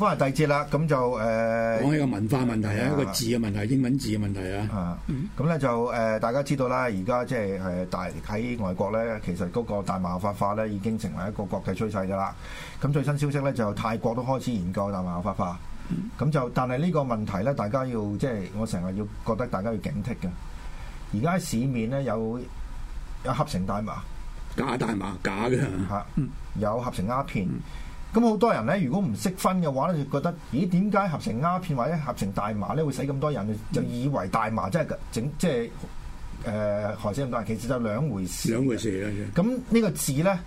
返嚟第二節啦，咁就誒、呃、講起個文化問題啊，的一個字嘅問題，英文字嘅問題啊。咁咧的、嗯、就誒、呃，大家知道啦，而家即係誒大喺外國咧，其實嗰個大麻合法化咧已經成為一個國際趨勢噶啦。咁最新消息咧就泰國都開始研究大麻合法化。咁、嗯、就但係呢個問題咧，大家要即係、就是、我成日要覺得大家要警惕嘅。而家喺市面咧有有合成大麻、假大麻、假嘅嚇，有合成鴉片。嗯嗯嗯。咁好多人咧，如果唔識分嘅話咧，就覺得，咦？點解合成鴉片或者合成大麻咧，會死咁多人？就以為大麻即係整即係誒害死咁多人。其實就兩回事。兩回事啊。咁呢個字咧，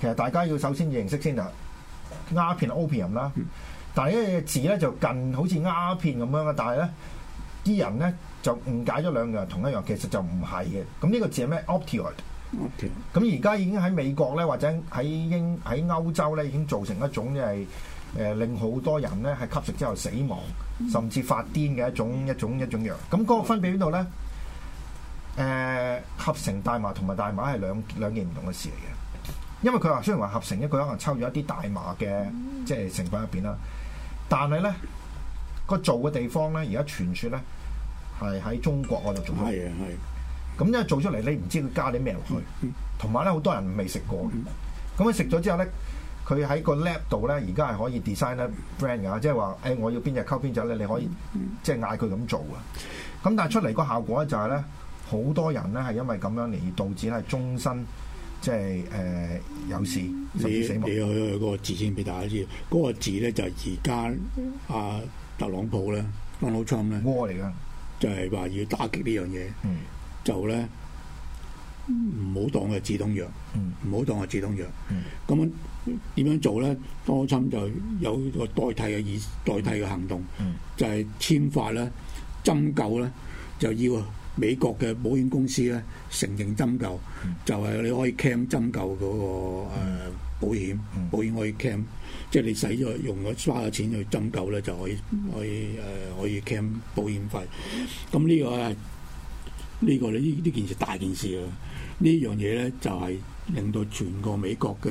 其實大家要首先認識先啊。鴉片 opium 啦，但係呢個字咧就近好似鴉片咁樣嘅，但係咧啲人咧就誤解咗兩樣同一樣，其實就唔係嘅。咁呢個字係咩？opioid。咁而家已經喺美國咧，或者喺英喺歐洲咧，已經造成一種係誒令好多人咧係吸食之後死亡，甚至發癲嘅一種一種一種藥。咁嗰個分別喺邊度咧？誒、呃，合成大麻同埋大麻係兩兩件唔同嘅事嚟嘅，因為佢話雖然話合成，一佢可能抽咗一啲大麻嘅即係成分入邊啦，但係咧、嗰個做嘅地方咧，而家傳說咧係喺中國嗰度做。係啊，係。咁樣做出嚟你唔知佢加啲咩落去，同埋咧好多人未食過嘅。咁佢食咗之後咧，佢喺個 lab 度咧，而家係可以 design a brand 噶，即係話誒我要邊隻溝邊隻咧，你可以即係嗌佢咁做啊。咁但係出嚟個效果咧、就是，就係咧好多人咧係因為咁樣而導致咧，終身即係誒有事甚至死亡。你你有個字先俾大家知道，嗰、那個字咧就係而家阿特朗普咧 Donald Trump 咧，屙嚟㗎，就係話要打擊呢樣嘢。嗯就咧唔好當佢止痛藥，唔好當佢止痛藥。咁點樣做咧？多侵就有個代替嘅，以代替嘅行動，就係牽法咧，針灸咧，就要美國嘅保險公司咧，承認針灸，就係你可以 claim 針灸嗰個誒保險，保險可以 claim，即係你使咗用咗花咗錢去針灸咧，就可以可以誒可以 claim 保險費。咁呢個咧。呢、這個呢呢件事大件事啦，呢樣嘢咧就係令到全個美國嘅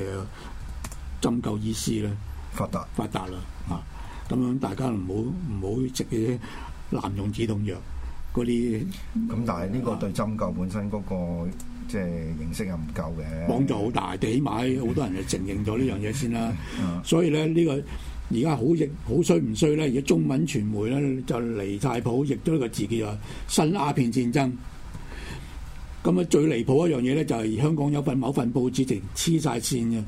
針灸醫師咧發達發達啦，啊咁樣大家唔好唔好藉嘅濫用止痛藥嗰啲，咁但係呢個對針灸本身嗰、那個即係認識又唔夠嘅幫助好大，起碼好多人係承認咗呢樣嘢先啦， 嗯、所以咧呢個而家好益好衰唔衰咧？而家中文傳媒咧就離太譜，亦都呢個字叫啊新鴉片戰爭。咁啊，最離譜一樣嘢咧，就係香港有份某份報紙直情黐晒線嘅。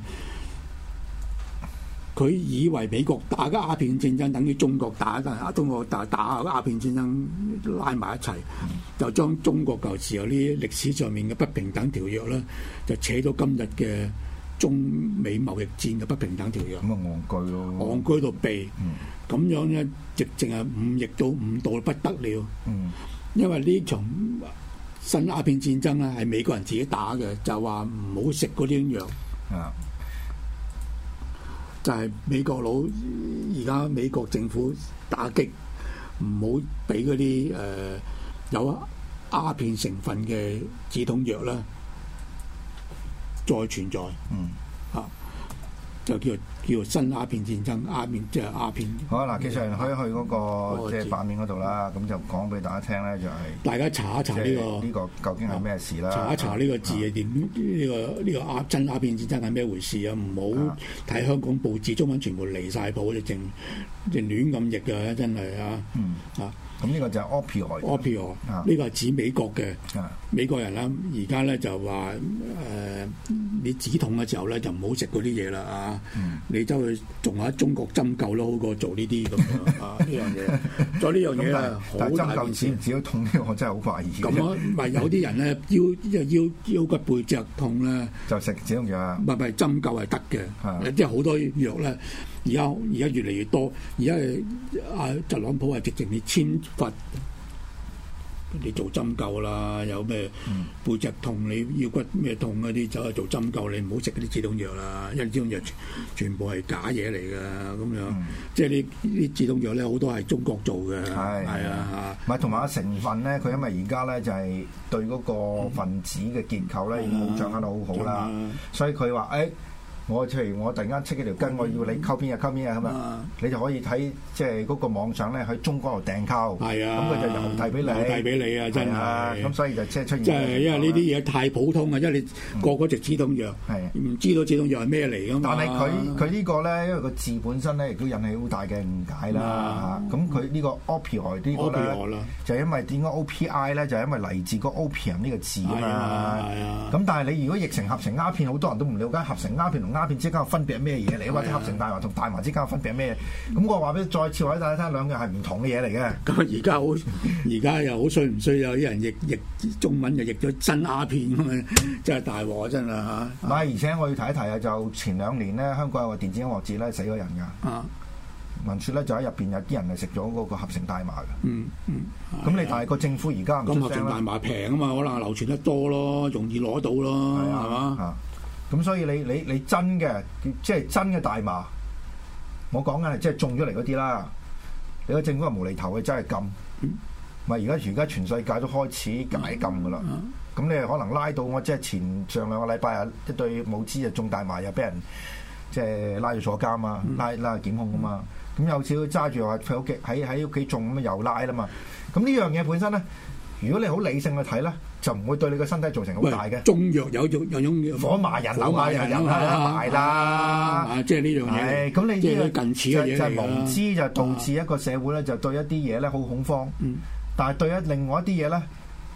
佢以為美國打個鴉片戰爭，等於中國打一打中國打打個鴉片戰爭拉埋一齊，就將中國舊時候呢啲歷史上面嘅不平等條約咧，就扯到今日嘅中美貿易戰嘅不平等條約。咁啊，戇居咯！戇居、嗯、到避，咁樣咧，直淨係忤逆到忤到不得了。嗯、因為呢場。新鴉片戰爭咧係美國人自己打嘅，就話唔好食嗰啲藥。 就係美國佬而家美國政府打擊，唔好俾嗰啲誒有鴉片成分嘅止痛藥啦，再存在， 啊，就叫。叫做新鴉片戰爭，鴉片即係鴉片。好啊，嗱，其實可以去嗰個即係反面嗰度啦，咁就講俾大家聽咧，就係大家查一查呢個呢個究竟係咩事啦。查一查呢個字係點？呢個呢個阿真鴉片戰爭係咩回事啊？唔好睇香港報紙，中文全部離曬譜，正正亂咁譯嘅，真係啊。嗯。啊，咁呢個就係 opioid，opioid。呢個係指美國嘅美國人啦。而家咧就話誒，你止痛嘅時候咧就唔好食嗰啲嘢啦啊。你走去仲下中國針灸咯，好過做、啊、呢啲咁樣啊 呢樣嘢。做呢樣嘢啊，好大件事。針灸只痛我真係好怪異。咁啊，咪有啲人咧腰，即係腰腰骨背脊痛咧，就食止痛藥。唔係唔係，針灸係得嘅。啊的，即係好多藥咧，而家而家越嚟越多。而家阿特朗普啊，直情你簽罰。你做針灸啦，有咩背脊痛，你腰骨咩痛嗰啲，走去做針灸，你唔好食嗰啲止痛藥啦，因為呢種藥全部係假嘢嚟嘅咁樣，嗯、即係呢啲止痛藥咧好多係中國做嘅。係是啊，唔係同埋個成分咧，佢因為而家咧就係對嗰個分子嘅結構咧已經掌握到好好啦，啊、所以佢話誒。欸我譬如我突然間出幾條筋，我要你購邊啊購邊啊，咁啊，你就可以睇即係嗰個網上咧喺中國度訂購，咁佢、哎、呀 就郵遞俾你，郵遞俾你啊，真係。咁所以就即係出現。即係因為呢啲嘢太普通啊，因為你個個隻止痛藥，唔知道隻止痛藥係咩嚟咁。嗯、但係佢佢呢個咧，因為個字本身咧亦都引起好大嘅誤解啦，咁佢呢個 opioid 咧，就係、是、因為點解 opi 咧，就係因為嚟自個 opium 呢個字啊。咁但係你如果譯成合成合成鴉片，好多人都唔了解合成鴉片同。鴉片之間分別係咩嘢嚟？或者合成大麻同大麻之間分別係咩？咁 我話俾你，再次話俾大家聽，兩個係唔同嘅嘢嚟嘅。咁而家好，而家又好衰，唔衰有啲人譯譯，譯中文就譯咗真鴉片咁，真係大鑊真啊嚇！唔係，而且我要提一提啊，就前兩年咧，香港有個電子音樂節咧死咗人㗎。文聞説咧就喺入邊有啲人係食咗嗰個合成大麻嘅、嗯。嗯咁、啊、你但係個政府而家合成大麻平啊嘛，可能流傳得多咯，容易攞到咯，係嘛、啊？吧咁、嗯、所以你你你真嘅，即係真嘅大麻，我講緊係即係種咗嚟嗰啲啦。你個政府係無厘頭嘅，真係禁。唔係，而家而家全世界都開始解禁噶啦。咁、嗯嗯、你可能拉到我即係前上兩個禮拜啊，一對母子啊種大麻又俾人即係拉住坐監啊，拉拉檢控啊嘛。咁、嗯、有時揸住話佢屋企喺喺屋企種咁又拉啦嘛。咁呢樣嘢本身咧。如果你好理性去睇咧，就唔會對你個身體造成好大嘅。中藥有種有種火麻人流、啊，炒麻人飲啦、啊啊，賣啦、啊啊，即係呢樣嘢。咁、啊、你呢個近似嘅嘢無知就導致、啊、一個社會咧，啊、就對一啲嘢咧好恐慌。嗯、但係對一另外一啲嘢咧。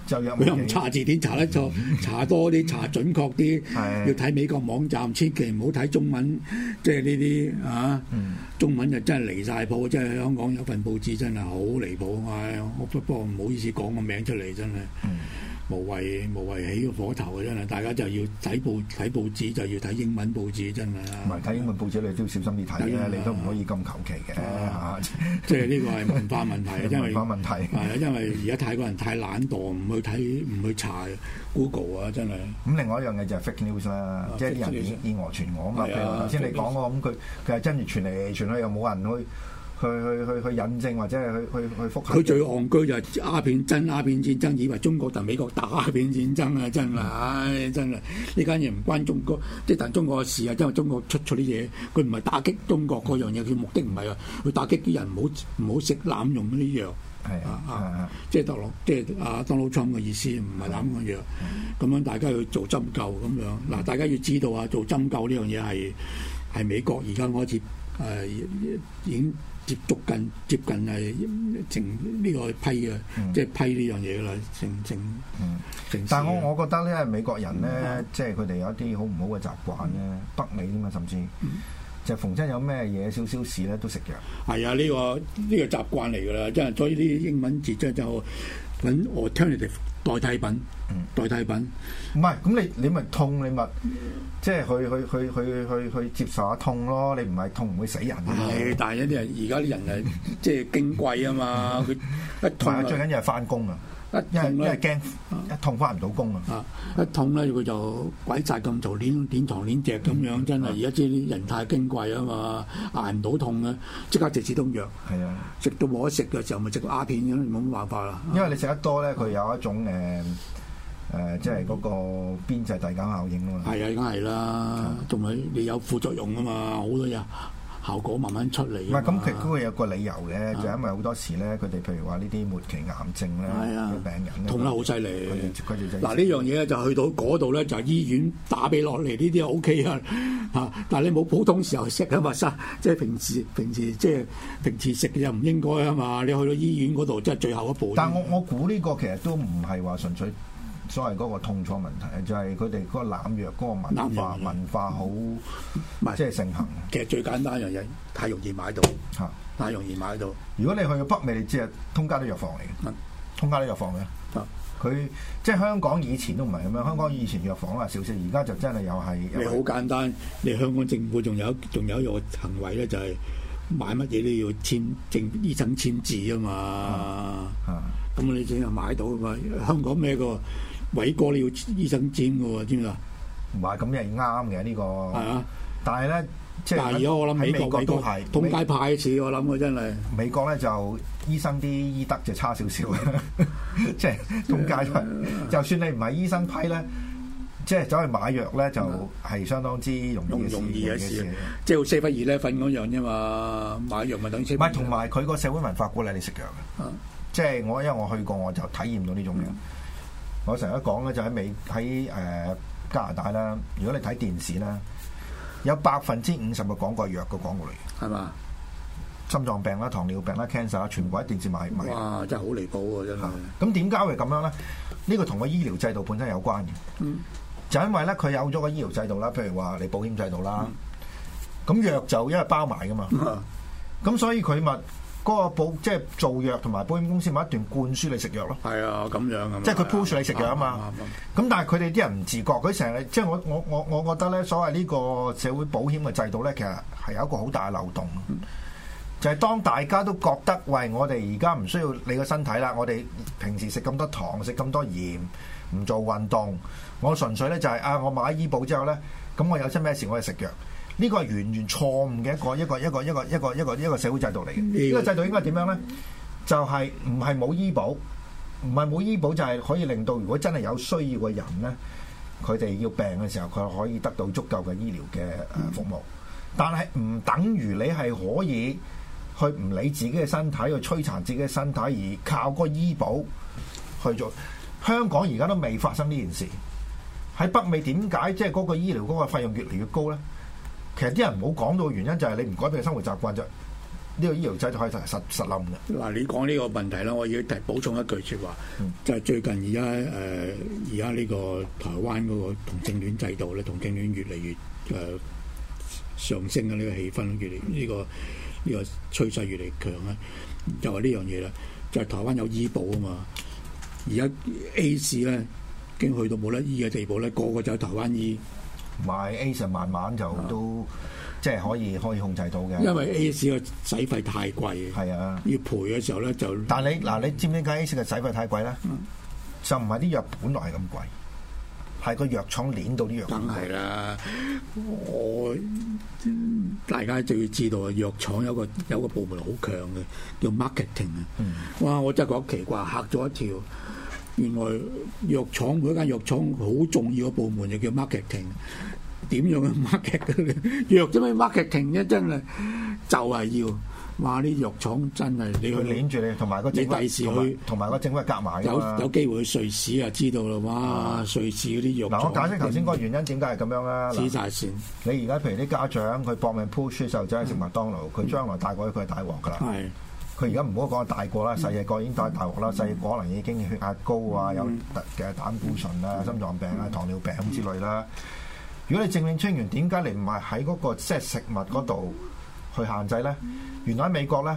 就 又唔查字典查得錯，查多啲查準確啲。 係呀要睇美國網站，千祈唔好睇中文，即係呢啲嚇。啊嗯、中文就真係離晒譜，即係香港有份報紙真係好離譜。唉、哎，我不不過唔好意思講個名出嚟，真係。嗯無謂無謂起個火頭啊！真係，大家就要睇報睇報紙，就要睇英文報紙，真係唔係睇英文報紙，你都要小心啲睇啦，你都唔可以咁求其嘅。即係呢個係文化問題，因為文化問題係啊，因為而家泰國人太懶惰，唔去睇唔去查 Google 啊！真係。咁另外一樣嘢就係 fake news 啦，即係啲人以訛傳訛啊嘛。頭先你講過咁佢佢係真係傳嚟傳去，又冇人去。去，去去去去引證或者係去去去複核，佢最戇居就係鴉片真鴉片戰爭，以為中國同美國打鴉片戰爭啊！真係、啊，哎、真係呢間嘢唔關中國，即係但中國嘅事啊，因為中國出錯啲嘢，佢唔係打擊中國嗰樣嘢，佢目的唔係啊，佢打擊啲人唔好唔好食濫用呢樣，係啊啊，即係 Donald 即係阿 Donald Trump 嘅意思，唔係濫用，咁樣大家要做針灸咁樣嗱，嗯、大家要知道啊，做針灸呢樣嘢係係美國而家開始誒、呃、已經。接觸近接近係正呢個批嘅，即係批呢樣嘢啦，正正。嗯，但係我我覺得咧，美國人咧，嗯、即係佢哋有一啲好唔好嘅習慣咧，嗯、北美㖏嘛，甚至、嗯、就逢親有咩嘢少少事咧，都食藥。係啊，呢、這個呢、這個習慣嚟㗎啦，即係所以啲英文字即就 a l t e r 代替品，嗯，代替品，唔係，咁你你咪痛，你咪 即係去去去去去去接受下痛咯。你唔係痛唔會死人係， 但係一啲人而家啲人啊， 即係矜貴啊嘛，佢一痛最緊要係翻工啊。因為因為驚一痛翻唔到工啊！一痛咧佢就鬼殺咁嘈，攣攣牀攣隻咁樣，真係而家即係啲人太矜貴啊嘛，捱唔到痛啊，即刻直接止痛藥。係啊，食到冇得食嘅時候，咪食到鴉片咁，冇乜辦法啦。因為你食得多咧，佢、啊、有一種誒誒、呃呃，即係嗰個邊際遞減效應啊嘛。係啊、嗯，梗、嗯、係、嗯、啦，仲係、嗯、你有副作用啊嘛，好多嘢。效果慢慢出嚟。唔係，咁其實都佢有個理由嘅，啊、就係因為好多時咧，佢哋譬如話呢啲末期癌症咧，啲、啊、病人痛得好犀利。嗱呢、啊、樣嘢咧就去到嗰度咧就係、是、醫院打俾落嚟，呢啲 OK 啊嚇，但係你冇普通時候食啊嘛，即、啊、係、就是、平時平時即係、就是、平時食嘅又唔應該啊嘛，你去到醫院嗰度即係最後一步。但係我我估呢個其實都唔係話純粹。所謂嗰個痛楚問題，就係佢哋嗰個濫藥嗰個文化文化好，即係盛行。其實最簡單一樣嘢，太容易買到。嚇，太容易買到。如果你去到北美，你知啊，通街都藥房嚟嘅。通街都藥房嘅。佢即係香港以前都唔係咁樣。香港以前藥房啊少少，而家就真係又係。你好簡單，你香港政府仲有仲有一個行為咧，就係買乜嘢都，都要簽政醫生簽字啊嘛。啊，咁你先有買到啊嘛。香港咩個？偉哥你要醫生煎噶喎，知唔知啊？唔係，咁又啱嘅呢個。係啊，但係咧，即係喺美國都係通街派一次。我諗佢真係。美國咧就醫生啲醫德就差少少，即係通街。就算你唔係醫生批咧，即係走去買藥咧，就係相當之容易嘅事。即係好四分二分嗰樣啫嘛，買藥咪等於。唔係，同埋佢個社會文化鼓勵你食藥嘅。嗯。即係我因為我去過，我就體驗到呢種樣。我成日都講咧，就喺美喺誒加拿大啦。如果你睇電視咧，有百分之五十嘅廣告係藥嘅廣告嚟嘅，係嘛吧？心臟病啦、糖尿病啦、cancer 啦，全部喺電視賣賣嘅。哇！真係好離譜喎、啊，真係。咁點解會咁樣咧？呢、這個同個醫療制度本身有關嘅。嗯、就因為咧，佢有咗個醫療制度啦，譬如話你保險制度啦，咁、嗯、藥就因為包埋㗎嘛。咁、嗯、所以佢咪？嗰個保即係做藥同埋保險公司，咪一段灌輸你食藥咯。係啊，咁樣啊，即係佢 push 你食藥啊嘛。咁 但係佢哋啲人唔自覺，佢成日即係我我我我覺得咧，所謂呢個社會保險嘅制度咧，其實係有一個好大嘅漏洞。 就係當大家都覺得喂，我哋而家唔需要你個身體啦，我哋平時食咁多糖，食咁多鹽，唔做運動，我純粹咧就係、是、啊，我買醫保之後咧，咁我有出咩事我係食藥。呢個係完全錯誤嘅一個一個一個一個一個一個一個，一個社會制度嚟嘅。呢個制度應該點樣呢？就係唔係冇醫保，唔係冇醫保就係可以令到，如果真係有需要嘅人呢，佢哋要病嘅時候，佢可以得到足夠嘅醫療嘅服務。嗯、但係唔等於你係可以去唔理自己嘅身體去摧殘自己嘅身體，而靠個醫保去做。香港而家都未發生呢件事。喺北美點解即係嗰個醫療嗰個費用越嚟越高呢？其實啲人唔好講到原因就係你唔改變生活習慣啫，呢個醫療制度可以實實冧嘅。嗱，你講呢個問題啦，我要補充一句説話，就係最近而家誒，而家呢個台灣嗰個同性戀制度咧，同性戀越嚟越誒上升嘅呢個氣氛，越嚟呢個呢個趨勢越嚟越強啊，就係呢樣嘢啦。就係台灣有醫保啊嘛，而家 A 市咧已經去到冇得醫嘅地步咧，個個就喺台灣醫。買 A 上慢慢就都、嗯、即係可以可以控制到嘅，因為 A S 個使費太貴。係啊，要賠嘅時候咧就。但係你嗱，你知唔知點解 A S 嘅使費太貴咧？嗯、就唔係啲藥本來係咁貴，係個藥廠捏到啲藥本。梗係啦，我大家就要知道，藥廠有個有個部門好強嘅，叫 marketing 啊、嗯。哇！我真係覺得奇怪，嚇咗一跳。原來藥廠每間藥廠好重要嘅部門叫 marketing, 就叫 marketing，點樣嘅 marketing 咧？藥 marketing 啫，真係就係要。哇！啲藥廠真係你去黏住你，同埋個政府你第時去同埋個政府夾埋。有有機會去瑞士啊？知道啦！哇，嗯、瑞士嗰啲藥廠。嗱、啊，我解釋頭先個原因點解係咁樣啦。黐大線！你而家譬如啲家長，佢搏命 push 細路仔去食麥當勞，佢、嗯、將來帶過去佢大鑊噶啦。的佢而家唔好講大個啦，細嘅個已經都大鑊啦，細嘅可能已經血壓高啊，有特嘅膽固醇啊、心臟病啊、糖尿病之類啦。如果你正面清完，點解你唔係喺嗰個即係食物嗰度去限制咧？原來喺美國咧，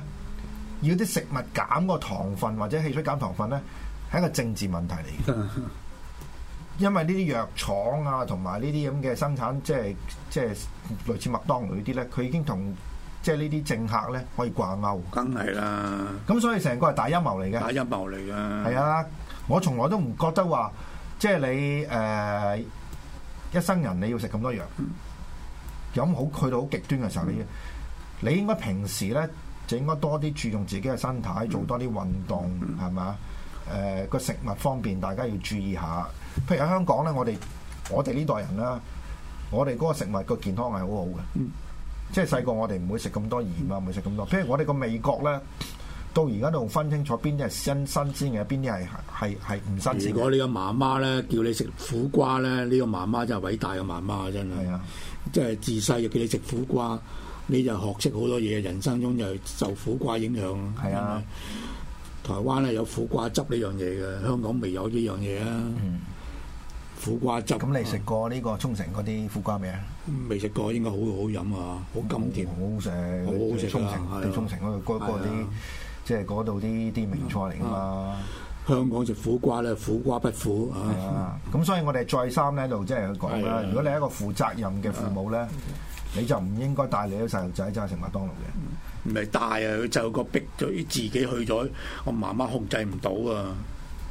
要啲食物減個糖分或者汽水減糖分咧，係一個政治問題嚟嘅。因為呢啲藥廠啊，同埋呢啲咁嘅生產，即係即係類似麥當勞嗰啲咧，佢已經同。即係呢啲政客咧，可以掛鈎，梗係啦。咁所以成個係大陰謀嚟嘅，大陰謀嚟嘅！係啊，我從來都唔覺得話，即係你誒、呃、一生人你要食咁多藥，咁好、嗯、去到好極端嘅時候你，你要、嗯、你應該平時咧就應該多啲注重自己嘅身體，做多啲運動，係咪啊？誒個、呃、食物方面，大家要注意下。譬如喺香港咧，我哋我哋呢代人啦，我哋嗰個食物個健康係好好嘅。嗯即係細個，我哋唔會食咁多鹽啊，唔會食咁多。譬如我哋個味覺咧，到而家都仲分清楚邊啲係新新鮮嘅，邊啲係係係唔新鮮。如果你個媽媽咧叫你食苦瓜咧，呢個媽媽真係偉大嘅媽媽，真係。啊！即係自細就叫你食苦瓜，你就學識好多嘢。人生中就受苦瓜影響。係啊！台灣咧有苦瓜汁呢樣嘢嘅，香港未有呢樣嘢啊。嗯苦瓜汁。咁你食過呢個沖繩嗰啲苦瓜未啊？未食過，應該好好飲啊，好甘甜，好好食啊！沖繩，係啊，沖繩嗰個啲，即係嗰度啲啲名菜嚟噶嘛。香港食苦瓜咧，苦瓜不苦啊。咁所以我哋再三咧就即係去講啦。如果你係一個負責任嘅父母咧，你就唔應該帶你啲細路仔走去食麥當勞嘅。唔係帶啊，佢就個逼咗自己去咗，我媽媽控制唔到啊。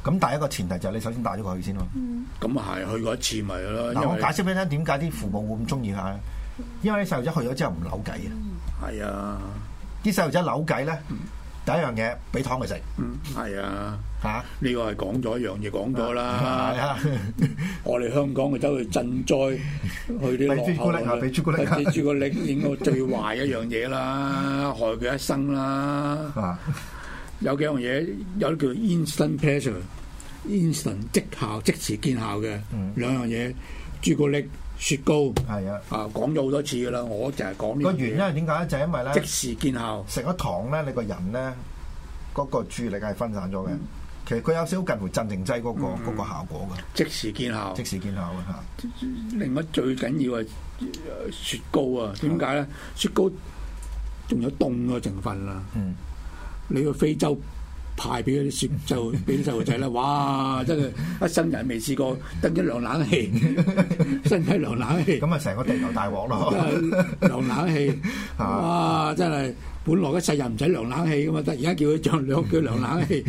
咁第一個前提就係你首先帶咗佢去先咯、嗯。咁係去過一次咪啦。嗱、啊，我解釋俾你聽點解啲父母會咁中意下？咧？因為啲細路仔去咗之後唔扭計嘅。係、嗯、啊，啲細路仔扭計咧，第一樣嘢俾糖佢食。嗯，係啊。嚇、啊？呢個係講咗一樣嘢，講咗啦。啊啊、 我哋香港去走去賑災，去啲落後，俾朱古力啊！俾朱古力影、啊、到最壞一樣嘢啦， 害佢一生啦。啊有幾樣嘢，有啲叫 instant pressure，instant 即效即時見效嘅、嗯、兩樣嘢，朱古力、雪糕係啊，啊講咗好多次噶啦，我就係講呢個原因係點解？就係、因為咧即時見效，食咗糖咧，你個人咧嗰、嗰個注意力係分散咗嘅。其實佢有少少近乎鎮定劑嗰、嗰個嗯、個效果嘅，即時見效，即時見效嘅嚇。另外最緊要係雪糕啊，點解咧？嗯、雪糕仲有凍嘅成分啊。嗯你去非洲派俾嗰啲雪就俾啲細路仔啦，哇！真係一生人未試過登一涼冷氣，身體涼冷氣，咁啊成個地球大鑊咯，涼冷氣，哇！真係～本來一世人唔使涼冷氣噶嘛，突然間叫佢着兩腳涼冷氣，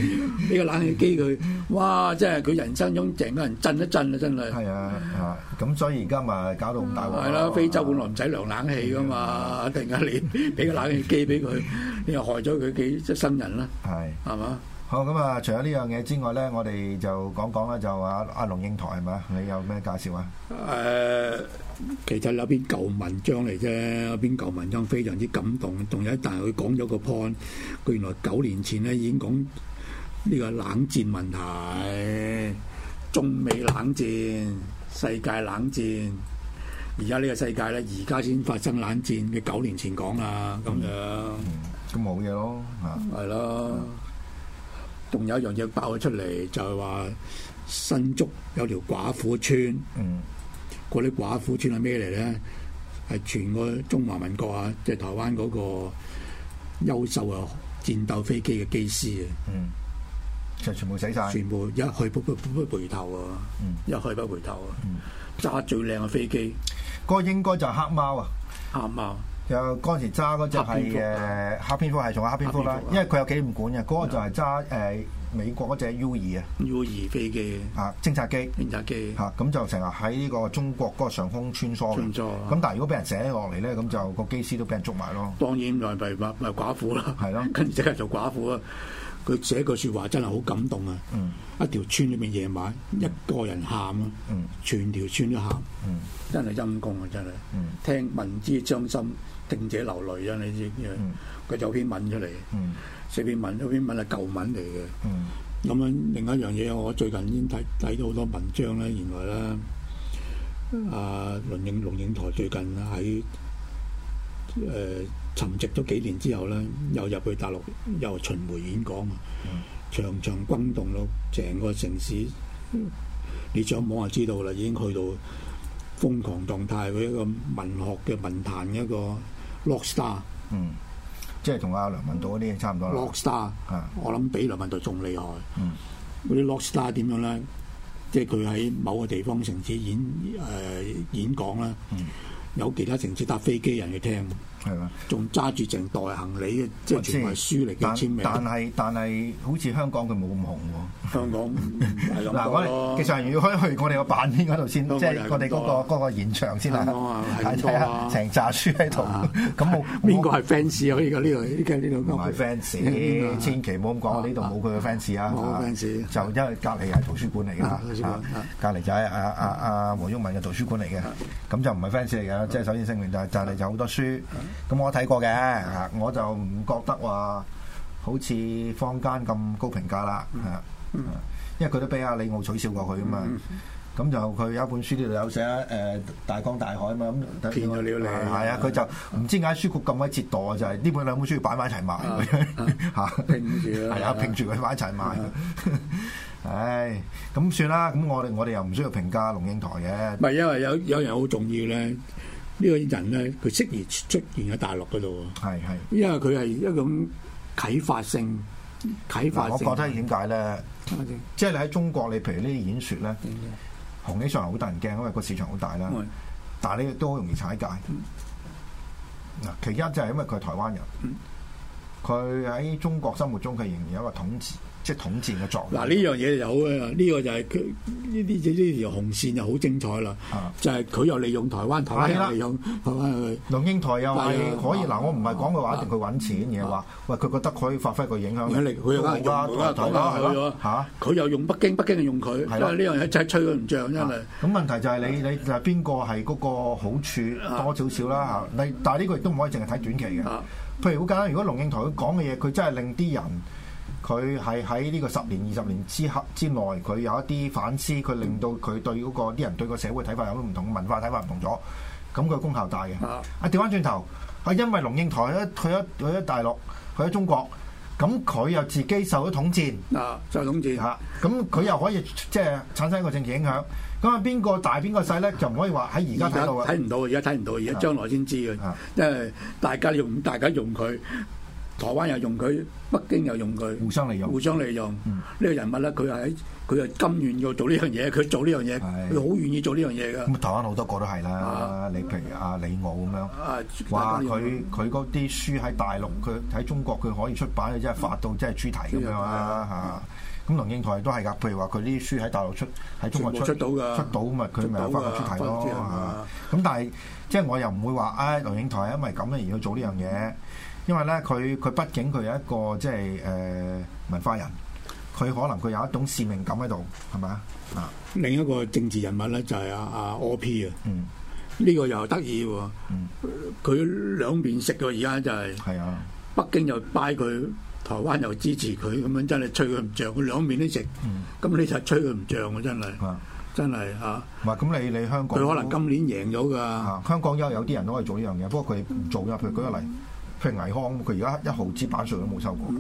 俾個 冷氣機佢，哇！真係佢人生中成個人震一震啊，真係。係啊， 咁所以而家咪搞到咁大鑊。係啦，非洲本來唔使涼冷氣噶嘛， 呀突然間你俾個冷氣機俾佢，你又害咗佢幾世人啦。係，係呀嘛？好咁啊！除咗呢樣嘢之外咧，我哋就講講咧，就阿阿龍應台係咪你有咩介紹啊？誒，其實有篇舊文章嚟啫，一篇舊文章非常之感動，仲有一，但係佢講咗個 point，佢原來九年前咧已經講呢個冷戰問題，中美冷戰、世界冷戰，而家呢個世界咧，而家先發生冷戰嘅九年前講啊，咁樣，咁冇嘢咯，嚇，係咯。嗯仲有一樣嘢爆咗出嚟，就係話新竹有條寡婦村。嗯，嗰啲寡婦村係咩嚟咧？係全個中華民國啊，即係台灣嗰個優秀啊，戰鬥飛機嘅機師啊。嗯，就全部死曬。全部一去不不不不回頭啊！嗯、一去不回頭啊！揸、嗯、最靚嘅飛機。嗰個應該就係黑貓啊！黑貓。又嗰陣時揸嗰隻係誒黑蝙蝠，係仲有黑蝙蝠啦，因為佢有紀念館嘅。嗰個就係揸誒美國嗰隻 U2 啊，U2 飛機啊，偵察機，偵察機嚇，咁就成日喺呢個中國嗰個上空穿梭。咁但係如果俾人射落嚟咧，咁就個機師都俾人捉埋咯。當然就係咪咪寡婦啦，係咯，跟住即刻做寡婦啦。佢寫句説話真係好感動啊！一條村裏邊夜晚一個人喊咯，全條村都喊，真係陰功啊！真係，聽民之將心。聽者流淚啊！你知佢、嗯、有篇文出嚟，嗯、四篇文，嗰篇文係舊文嚟嘅。咁樣、嗯、另一樣嘢，我最近已經睇睇到好多文章咧。原來咧，阿龍應龍應台最近喺誒、呃、沉寂咗幾年之後咧，嗯、又入去大陸又巡迴演講，場場、嗯、轟動咯，成個城市、嗯、你上網就知道啦，已經去到瘋狂狀態。佢一,一個文學嘅文壇一個。Lockstar，嗯，即係同阿梁文道嗰啲差唔多啦。Lockstar，啊、嗯，我諗比梁文道仲厲害。嗯，嗰啲 Lockstar 點樣咧？即係佢喺某個地方城市演誒、呃、演講啦，嗯、有其他城市搭飛機人去聽。係嘛？仲揸住成袋行李嘅，即係全書嚟嘅，但係但係，好似香港佢冇咁紅喎。香港嗱，我哋嘅其實要可以去我哋個版邊嗰度先，即係我哋嗰個嗰個現場先啦。係啊，成紮書喺度。咁邊個係 fans 啊？而家呢度呢度？唔係 fans，千祈唔好咁講。呢度冇佢嘅 fans 啊。冇 fans。就因為隔離係圖書館嚟嘅。圖書館隔離仔阿阿黃旭文嘅圖書館嚟嘅。咁就唔係 fans 嚟嘅。即係首先聲明就係隔離就好多書。咁我睇過嘅，我就唔覺得話好似坊間咁高評價啦，嚇、嗯，因為佢都俾阿李敖取笑過佢啊嘛，咁、嗯、就佢有一本書呢度有寫誒大江大海啊嘛，咁騙佢了你，係啊，佢、啊、就唔知解書局咁鬼折墮就係、是、呢本兩本書擺埋一齊賣，嚇、啊，住、啊，係 啊，拼住佢擺一齊賣，唉、啊，咁、 哎、算啦，咁我哋我哋又唔需要評價龍應台嘅，唔係因為有有人好重要咧。呢個人咧，佢適宜出現喺大陸嗰度喎。係係，因為佢係一種啟發性、啟發性。我覺得點解咧？即係你喺中國，你譬如呢啲演說咧，紅起上嚟好得人驚，因為個市場好大啦。但係你亦都好容易踩界。嗱，其一就係因為佢係台灣人，佢喺中國生活中佢仍然有一個統治。即統戰嘅作用。嗱，呢樣嘢有好啊！呢個就係呢啲呢條紅線就好精彩啦。就係佢又利用台灣，台灣利用龍應台又係可以。嗱，我唔係講嘅話，一定佢揾錢而係話，喂，佢覺得可以發揮佢影響力，佢用佢又用北京，北京就用佢。呢樣嘢真係吹佢唔漲啫。咁問題就係你你就係邊個係嗰個好處多少少啦嚇？你，但係呢個亦都唔可以淨係睇短期嘅。譬如好簡單，如果龍應台講嘅嘢，佢真係令啲人。佢係喺呢個十年二十年之後之內，佢有一啲反思，佢令到佢對嗰、那個啲人對個社會睇法有啲唔同，文化睇法唔同咗，咁佢功效大嘅。啊，啊調翻轉頭，啊因為龍應台咧，去咗去咗大陸，去咗中國，咁佢又自己受咗統戰，啊，受統戰嚇，咁佢、啊、又可以即係、就是、產生一個政治影響，咁啊邊個大邊個細咧，就唔可以話喺而家睇到，到，到啊，睇唔到，而家睇唔到，而家將來先知啊，即係大家用，大家用佢。台灣又用佢，北京又用佢，互相利用，互相利用。呢個人物咧，佢係佢又甘願要做呢樣嘢，佢做呢樣嘢，佢好願意做呢樣嘢嘅。咁台灣好多個都係啦，你譬如阿李敖咁樣，話佢佢嗰啲書喺大陸，佢喺中國佢可以出版，即係發到即係豬頭咁樣啦嚇。咁龍應台都係㗎，譬如話佢啲書喺大陸出，喺中國出到㗎，出到咁啊，佢咪發個豬頭咯。咁但係即係我又唔會話啊，龍應台因為咁咧而去做呢樣嘢。因為咧，佢佢畢竟佢有一個即係誒文化人，佢可能佢有一種使命感喺度，係咪啊？啊！另一個政治人物咧就係阿阿柯 P 啊，啊 OP，嗯，呢個又得意喎，佢、嗯、兩面食喎，而家就係，係啊，北京又拜佢，台灣又支持佢，咁樣真係吹佢唔漲，佢兩面都食，嗯，咁你就吹佢唔漲喎，真係，真係嚇。唔係咁你你香港，佢可能今年贏咗㗎、嗯，香港有有啲人都係做呢樣嘢，不過佢唔做啦。譬如舉個例。譬如倪匡，佢而家一毫子版稅都冇收過。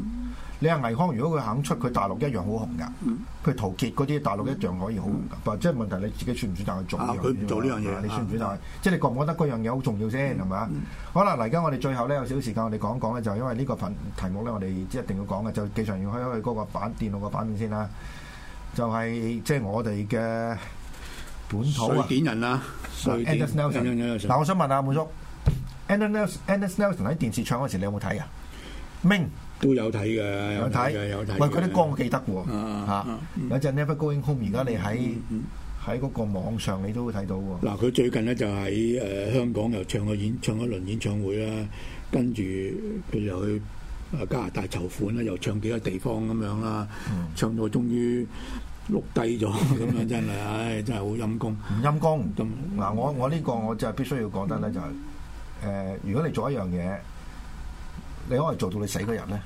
你話倪匡如果佢肯出，佢大陸一樣好紅噶。佢陶傑嗰啲大陸一樣可以好紅噶。即係問題你自己選唔選擇去做呢樣嘢？佢唔做呢樣嘢，你選唔選擇？即係你覺唔覺得嗰樣嘢好重要先？係咪啊？好啦，嚟緊我哋最後咧有少少時間，我哋講一講咧，就係因為呢個題題目咧，我哋一定要講嘅，就記住要開開嗰個版電腦個版面先啦。就係即係我哋嘅本土啊，水點人啦，水點嗱，我想問下阿滿叔。Anders Nelson 喺電視唱嗰時，你有冇睇啊？明都有睇嘅， 有睇看，有睇。喂，佢啲歌我記得喎。有隻 Never Going Home，而家你喺喺嗰個網上你都會睇到喎。嗱，佢最近咧就喺誒香港又唱個演，唱一輪演唱會啦，跟住佢又去誒加拿大籌款啦，又唱幾個地方咁樣啦，嗯、唱到終於錄低咗，咁樣 真係，唉、哎，真係好陰功。唔陰功。咁嗱，我我呢個我就係必須要講得咧就係、是。誒，如果你做一樣嘢，你可以做到你死嗰日咧，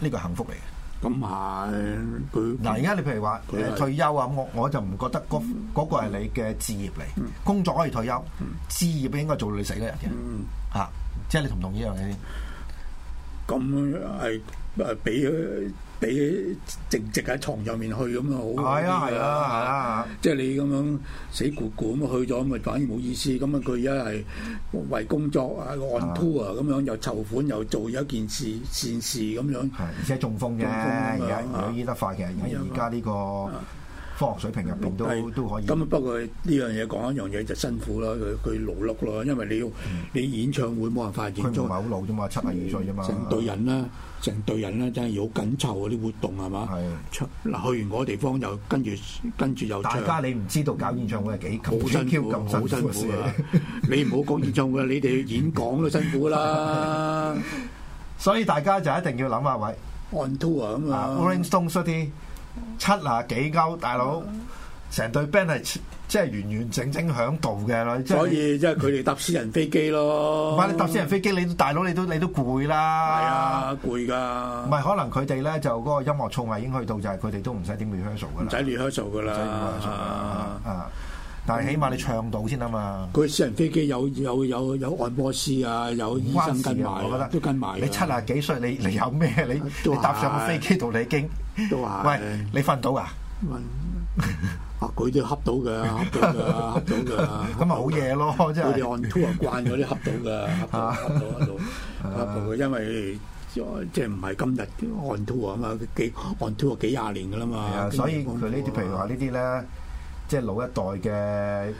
呢個幸福嚟嘅。咁係，嗱，而家你譬如話退休啊，咁我我就唔覺得嗰嗰個係你嘅事業嚟，工作可以退休，事業應該做到你死嗰日嘅。嚇，即係你同唔同意呢樣嘢？咁係誒俾佢。俾直直喺床上面去咁啊，好啊！係啊，係啊，係啊！即係你咁樣死咕咕咁去咗，咪反而冇意思。咁啊，佢而家係為工作啊，on tour 啊咁樣又籌款又做一件事善事咁樣。係，而且中風啫，中風有有醫得快嘅，而而家呢個。科學水平入邊都都可以。咁不過呢樣嘢講一樣嘢就辛苦啦，佢佢勞碌咯，因為你要你演唱會冇辦法演，佢唔係好老啫嘛，七啊二歲啫嘛。成隊人啦，成隊人啦，真係要好緊湊嗰啲活動係嘛？係。嗱去完嗰地方又跟住跟住又。大家你唔知道搞演唱會係幾辛苦，好辛苦，好辛苦啊！你唔好講演唱會啦，你哋演講都辛苦啦。所以大家就一定要諗下位。on tour 啊咁啊。七啊幾歐大佬，成、嗯、對 band 係、嗯、即係完完整整響度嘅啦，所以即係佢哋搭私人飛機咯。唔係 你搭私人飛機，你大佬你都你都攰啦，係啊，攰噶。唔係可能佢哋咧就嗰個音樂創意已經去到，就係佢哋都唔使點 rehearsal 噶啦，唔使 rehearsal 噶啦。啊啊啊但係起碼你唱到先啊嘛！佢私人飛機有有有有按摩師啊，有醫生跟埋，我覺得，都跟埋。你七啊幾歲？你你有咩？你你搭上個飛機度，你已經都話。喂，你瞓到啊？佢都恰到㗎，恰到㗎，恰到㗎。咁咪好嘢咯，真係。啲 on tour 啊，慣咗啲恰到㗎，因為即係唔係今日 on tour 啊嘛？幾 on tour 啊？幾廿年㗎啦嘛。係啊，所以佢呢啲譬如話呢啲咧。即係老一代嘅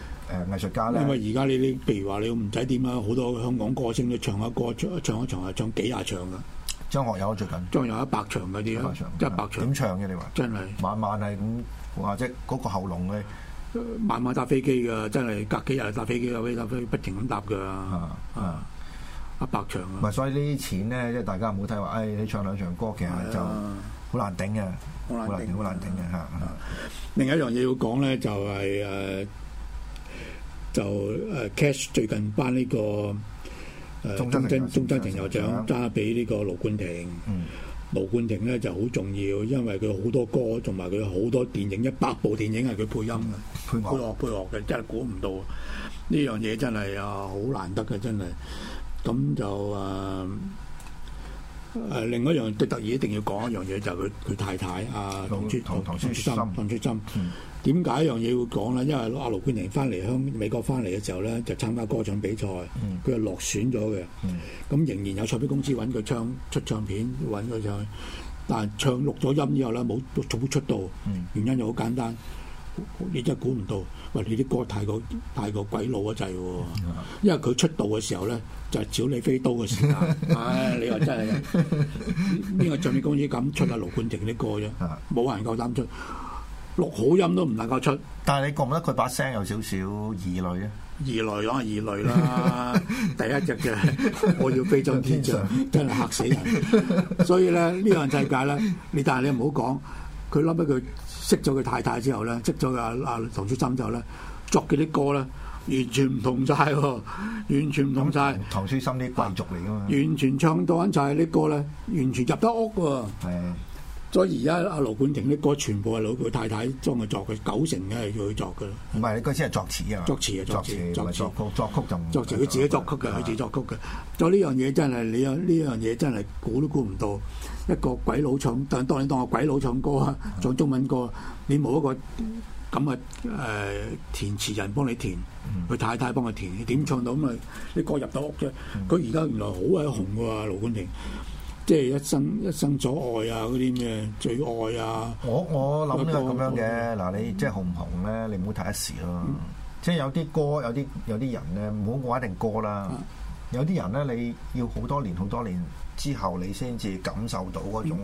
誒藝術家咧，因為而家你，啲，譬如話你唔使點樣，好多香港歌星咧唱下歌，唱一場啊，唱幾廿場嘅。張學友最近，張學友一百場嗰啲，一百場咁、嗯嗯、唱嘅？你話真係的 晚晚係咁話啫，嗰個喉嚨嘅、嗯、晚晚搭飛機嘅，真係隔幾日搭飛機，飛機啊，飛搭飛不停咁搭嘅啊啊！一、嗯、百場啊，唔係所以呢啲錢咧，即係大家唔好睇話，誒、哎、你唱兩場歌，其實就。好難頂嘅，好難頂，好難頂嘅。嚇另一樣嘢要講咧、就係呃，就係誒、呃、就誒 cash 最近班呢、呢個誒鐘珍鐘珍庭又獎揸俾呢個盧冠廷。嗯，盧冠廷咧就好重要，因為佢好多歌，同埋佢好多電影，一百部電影係佢配音嘅、嗯，配樂配樂嘅、啊，真係估唔到。呢樣嘢真係啊，好難得嘅真係。咁就誒。誒另一樣的，特意一定要講一樣嘢，就係佢佢太太啊，唐書、唐唐書琛、唐書琛，點解、嗯、一樣嘢要講咧？因為阿盧冠廷翻嚟香美國翻嚟嘅時候咧，就參加歌唱比賽，佢又、嗯、落選咗嘅。咁、嗯嗯嗯、仍然有唱片公司揾佢唱出唱片，揾佢唱，但係唱錄咗音之後咧，冇冇出道，原因就好簡單。你真係估唔到，喂、哎！你啲歌太過太過鬼佬嗰制喎，因為佢出道嘅時候咧，就係《小李飛刀》嘅時間。唉、 哎，你話真係邊個唱片公司敢出阿、啊、盧冠廷啲歌啫？冇人夠膽出，錄好音都唔能夠出。但係你覺唔覺得佢把聲有少少異類啊？異類啦，異類啦！ 第一隻嘅，我要飛咗天上 真係嚇死人。所以咧，呢個世界咧，但你但係你唔好講，佢冧咗佢。識咗佢太太之後咧，識咗阿阿唐先生之後咧，作嘅啲歌咧，完全唔同晒喎，完全唔同晒、嗯。唐先生啲貴族嚟㗎嘛。完全唱到揾就係啲歌咧，完全入得屋喎。係。所以而家阿盧冠廷啲歌全部係老佢太太幫佢作，佢九成嘅係佢作嘅。唔係，佢先係作詞啊。作詞啊，作詞作曲，作曲仲作詞，佢自己作曲嘅，佢的自己作曲嘅。咁呢樣嘢真係，你呢樣嘢真係估都估唔到。一個鬼佬唱，但當你當個鬼佬唱歌啊，唱中文歌，嗯、你冇一個咁嘅誒填詞人幫你填，佢、嗯、太太幫佢填，點唱到咁啊？啲歌入到屋啫。佢而家原來好鬼紅㗎喎，盧冠廷，廷。即係一生一生所愛啊！嗰啲咩最愛啊？我我諗都係咁樣嘅。嗱，你即係紅唔紅咧？你唔好睇一時咯。即係有啲歌，有啲有啲人咧，唔好我一定歌啦。有啲人咧，你要好多年、好多年之後，你先至感受到嗰種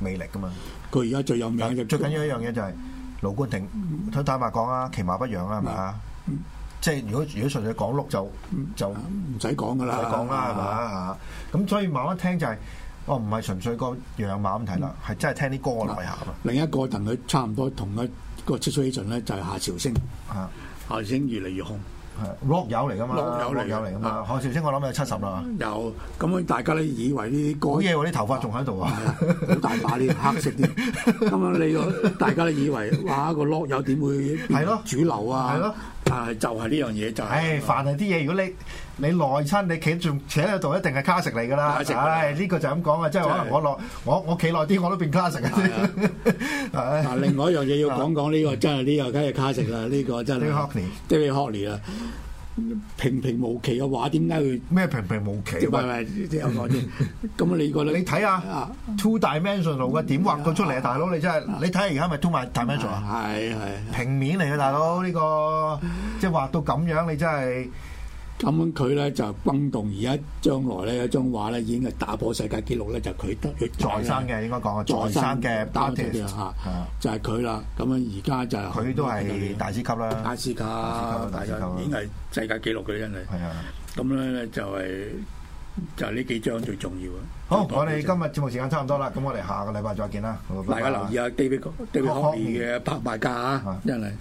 魅力噶嘛。佢而家最有名嘅最緊要一樣嘢就係盧冠廷。坦白講啊，其貌不揚啊，係咪啊？即係如果如果純粹講碌就就唔使講噶啦，唔講啦，係咪啊？咁所以慢慢聽就係。哦，唔係純粹個樣貌咁睇啦，係真係聽啲歌嘅下、啊。另一個等同佢差唔多，同、那、佢個出水一陣咧，就係、是、夏韶聲。夏韶、啊、聲越嚟越紅，係 rock 友嚟㗎嘛，rock 友嚟㗎嘛。夏韶、啊、聲我諗有七十啦。有咁樣大家咧以為呢歌嘢喎，啲頭髮仲喺度啊，好大把呢黑色啲。咁樣你個大家都以為哇個 rock 友點會變主流啊？係、哎、就係、是、呢樣嘢就係、是，唉、哎，凡係啲嘢，如果你你耐親，你企住企喺度，一定係卡食嚟㗎啦。唉、哎，呢、哎、個就咁講啊，即係、就是、可能我耐我我企耐啲，我都變卡食啊。係嗱、哎，另外一樣嘢要講講、這個，呢、啊、個真係呢、嗯、個梗係卡食啦，呢、這個真係。honey honey 啦。平平無奇嘅話，點解佢咩平平無奇？唔係唔係，即係講先。咁啊， 你個 你睇下 two dimensional 嘅點畫到出嚟啊，大佬你真係你睇下而家咪 two 埋 dimensional 啊，係係平面嚟嘅，大佬呢個即係畫到咁樣，你真係。咁佢咧就轟動，而家將來咧有張畫咧已經係打破世界紀錄咧，就佢得，佢再生嘅應該講啊，再生嘅 artist 嚇就係佢啦。咁樣而家就佢都係大師級啦，大師級已經係世界紀錄嘅，真係。係啊。咁咧就係就係呢幾張最重要啊。好，我哋今日節目時間差唔多啦，咁我哋下個禮拜再見啦。大家留意下 D B D B 嘅拍賣價。啊，真係。